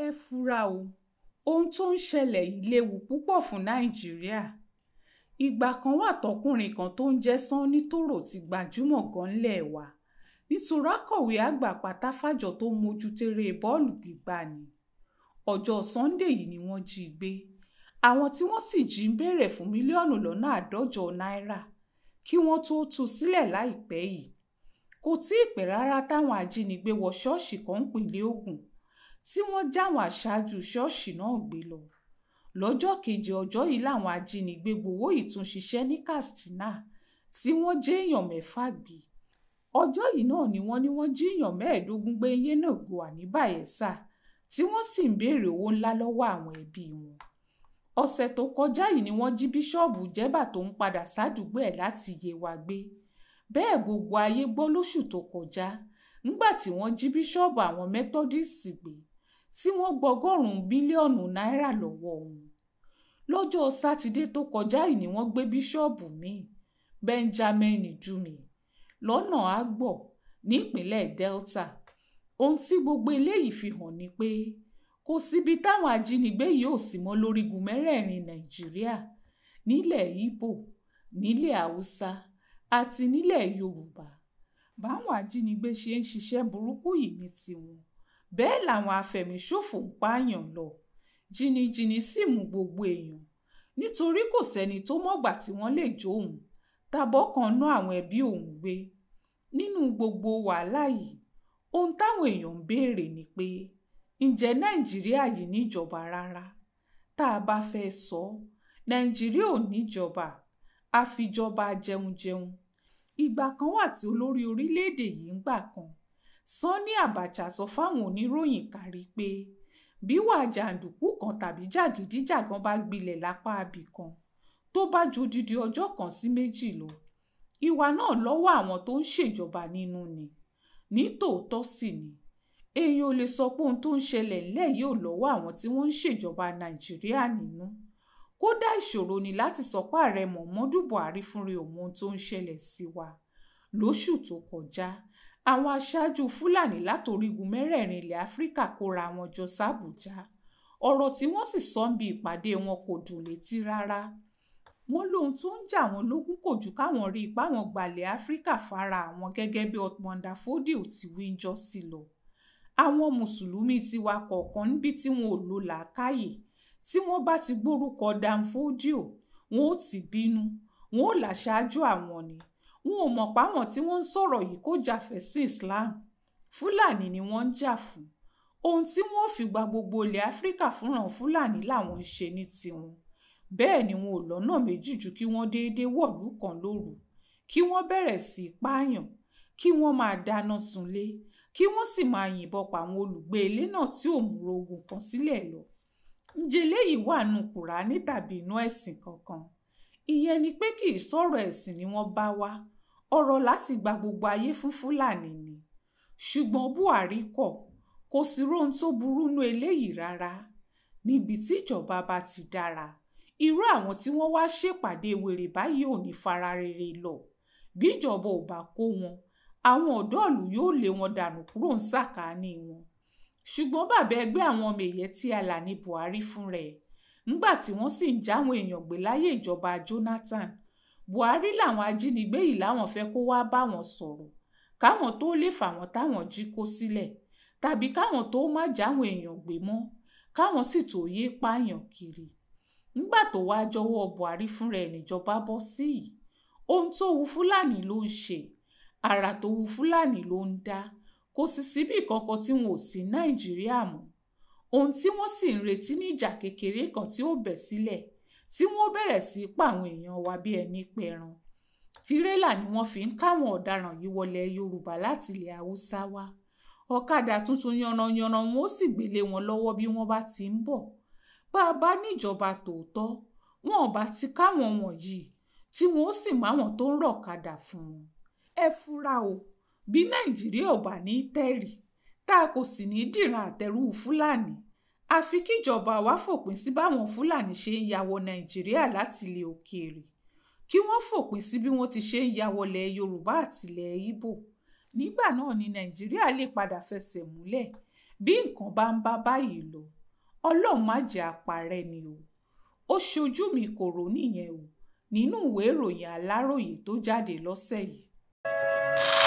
ẹ fura o ohun tó ń ṣẹlẹ̀ yìí léwu púpọ̀ fún nàìjíríà ìgbà kan wà tọkùnrin kan tó ń jẹ́ sanni tòrò ti gbajúmọ̀ gan lẹ̀ wá nítorí akọ̀wé àgbà pátáfàjọ tó mójútéré bọ́ọ̀lù gbígbà ni ọjọ́ sunday yìí ni wọ́n jí gbé àwọn tí wọ́n sì jí ń béèrè fún mílíọ̀nù lọ́nà àádọ́jọ náírà kí wọ́n tó tú sílẹ̀ láìpẹ́ yìí kò tí ì pẹ́ rárá táwọn ajínigbé wọ ṣọ́ọ̀ṣì kan ń pínlẹ̀ Ògùn tí wọ́n jáwọn aṣáájú ṣọ́ọ̀ṣì náà gbé lọ lọ́jọ́ keje ọjọ́ yìí làwọn ajínigbé gbowó ìtúnṣiṣẹ́ ní Katsina tí wọ́n jẹ́ èèyàn mẹ́fà gbé ọjọ́ yìí náà ni wọ́n ní wọ́n jí èèyàn mẹ́ẹ̀ẹ́dógún gbé Yenagoa ní Bayelsa tí wọ́n sì ń béèrè owó ńlá lọ́wọ́ àwọn ẹbí wọn ọ̀sẹ̀ tó kọjá yìí ni wọ́n jí bíṣọ́ọ̀bù jẹ́bà tó ń padà sádùúgbò ẹ̀ láti Yewa gbé bẹ́ẹ̀ gbogbo ayé gbọ́ lóṣù tó kọjá nígbà tí wọ́n jí bíṣọ́ọ̀bù àwọn mẹ́tọ́díìsì gbé tí wọ́n gbọgọ́rùn-ún bílíọ̀nù náírà lọ́wọ́ òun lọ́jọ́ sátidé tó kọjá yìí ni wọ́n gbé bíṣọ́ọ̀bù míì benjamin jumi lọ́nà àgbọ̀ nípínlẹ̀ delta ohun tí gbogbo eléyìí fi hàn ni pé kò síbi táwọn ajínigbé yìí ò sí mọ́ lórígun mẹ́rẹ̀ẹ̀rin nàìjíríà nílẹ̀ ibo nílẹ̀ haúsá àti nílẹ̀ yorùbá báwọn ajínigbé ṣe ń ṣiṣẹ́ burúkú yìí ní tiwọn bẹ́ẹ̀ làwọn afẹ̀míṣòfò ń pààyàn lọ jìnnìjìnnì sì mú gbogbo èèyàn nítorí kò sẹ́ni tó mọ̀gbà tí wọ́n lè jó òun tàbọ̀ kan ná àwọn ẹbí òun gbé nínú gbogbo wàhálà yìí ohun táwọn èèyàn ń béèrè ni pé ǹjẹ́ nàìjíríà yìí níjọba rárá tá a bá fẹ́ sọ nàìjíríà ò níjọba àfijọba jẹunjẹun ìgbà kan wà tí olórí orílẹ̀-èdè yìí ń gbà kan sanni abacha sọ fáwọn oníròyìn kárí pé bíwà jàǹdùkú kan tàbí jàgídíjàgan bá gbilẹ̀ lápá abì kan tó bá ju odidi ọjọ́ kan sí méjì lọ ìwà náà lọ́wọ́ àwọn tó ń ṣèjọba nínú ni nítòótọ́ sì ni èèyàn ò lè sọ pé ohun tó ń ṣẹlẹ̀ ńlẹ̀ yóò lọ́wọ́ àwọn tí wọ́n ń ṣèjọba nàìjíríà nínú kódà ìṣòro ni láti sọ pé ààrẹ muhammadu buhari fúnra òun ohun tó ń ṣẹlẹ̀ sí wa lóṣù tó kọjá àwọn aṣáájú fúlàní látorígun mẹ́rẹ̀ẹ̀rin ilẹ̀ áfíríkà kóra wọn jọ sàbújá ọ̀rọ̀ tí wọ́n sì sọ ń bi ìpàdé wọn kò dùn létí rárá wọ́n lóhun tó ń jà wọ́n lógún kò jù káwọn rí ipá wọn gbalẹ̀ áfíríkà fara àwọn gẹ́gẹ́ bí ọ̀pọ̀ǹda fódìò ti wíńjọ́ sí lọ àwọn mùsùlùmí tiwa kọ̀ọ̀kan níbi tí wọn ò lò làákàyè tí wọ́n bá ti gbórúkọ danfódìò wọn ò ti bínú wọn ò làṣáájú àwọn ni wọn ò mọ̀ páwọn tí wọ́n ń sọ̀rọ̀ yìí kó jàfẹ́ sí Islam Fúlàní ni wọ́n ń jà fún ohun tí wọ́n fi gba gbogbo ilẹ̀ Áfíríkà fúnra Fúlàní làwọn ń ṣe ní tiwọn bẹ́ẹ̀ ni wọn ò lọ́nà méjì ju kí wọ́n déédéé wọ̀lú kan lóru kí wọ́n bẹ̀rẹ̀ sí í pààyàn kí wọ́n máa dáná sunlé kí wọ́n sì máa yìnbọn pa àwọn olùgbé ilé náà tí ò mú ogun kan sílẹ̀ lọ ǹjẹ́ léyìí wà nù Kùránì tàbí inú ẹ̀sìn kankan ìyẹn ni pé kì í sọ̀rọ̀ ẹ̀sìn ni wọ́n bá wá ọ̀rọ̀ láti gba gbogbo ayé fún fúlàní ni ṣùgbọ́n buhari kọ̀ kò sí rohun tó burú nú eléyìí rárá níbi tí ìjọba bá ti dára irú àwọn tí wọ́n wá ṣèpàdé wèrè báyìí ò ní fara rere lọ bí ìjọba ò bá kó wọn àwọn ọ̀dọ́ọ̀lù yóò lé wọn dànù kúrò ń sàkáání wọn ṣùgbọ́n bàbá ẹgbẹ́ àwọn ọmọ èyẹ tí alà ní buhari fúnra ẹ̀ nígbà tí wọ́n sì ń jáwọn èèyàn gbé láyé ìjọba Jonathan Buhari làwọn ajínigbé yìí láwọn fẹ́ kó wáá bá wọn sọ̀rọ̀ káwọn tó lè fàwọn táwọn jí kó sílẹ̀ tàbí káwọn tó má jáwọn èèyàn gbé mọ́ káwọn sì tó yé pààyàn kiri nígbà tó wáá jọwọ́ Buhari fúnra ẹ̀ níjọba bọ́ sí yìí ohun tó wu Fúlàní ló ń ṣe àrà tó wu Fúlàní ló ń dá kò sì síbì kankan tí wọn ò sí Nàìjíríà mọ́ ohun tí wọ́n sì ń retí ní ìjà kékeré kan tí ó bẹ́ sílẹ̀ tí wọ́n bẹ̀rẹ̀ sí í pa àwọn èèyàn wa bí ẹni pẹran tirẹ́là ni wọ́n fi ń káwọn ọ̀daràn yìí wọlé yorùbá láti ilẹ̀ haúsá wá ọ̀kadà tuntun yanranyanran wọn ó sì gbélé wọn lọ́wọ́ bí wọ́n bá ti ń bọ̀ bá a bá níjọba tòótọ́ wọn ò bá ti káwọn wọ̀nyí tí wọn ó sì máwọn tó ń rọ̀kadà fún wọn ẹ fura o bí nàìjíríà ò bá ní tẹ̀rì tá a kò sì ní í dìran àtẹ̀rù fúlàní àfi kíjọba wa fòpin sí báwọn fúlàní ṣe ń ya wọ nàìjíríà láti ilẹ̀ òkèèrè kí wọ́n fòpin sí bí wọ́n ti ṣe ń ya wọlẹ̀ yorùbá àtìlẹ̀ ìbò nígbà náà ni nàìjíríà lè padà fẹsẹ̀ múlẹ̀ bí nǹkan bá ń bá báyìí lọ ọlọ́run má jẹ́ àparẹ́ ni o ó ṣojú mi kòrò nìyẹn o nínú ìwé ìròyìn aláròye tó jáde lọ́sẹ̀ yìí.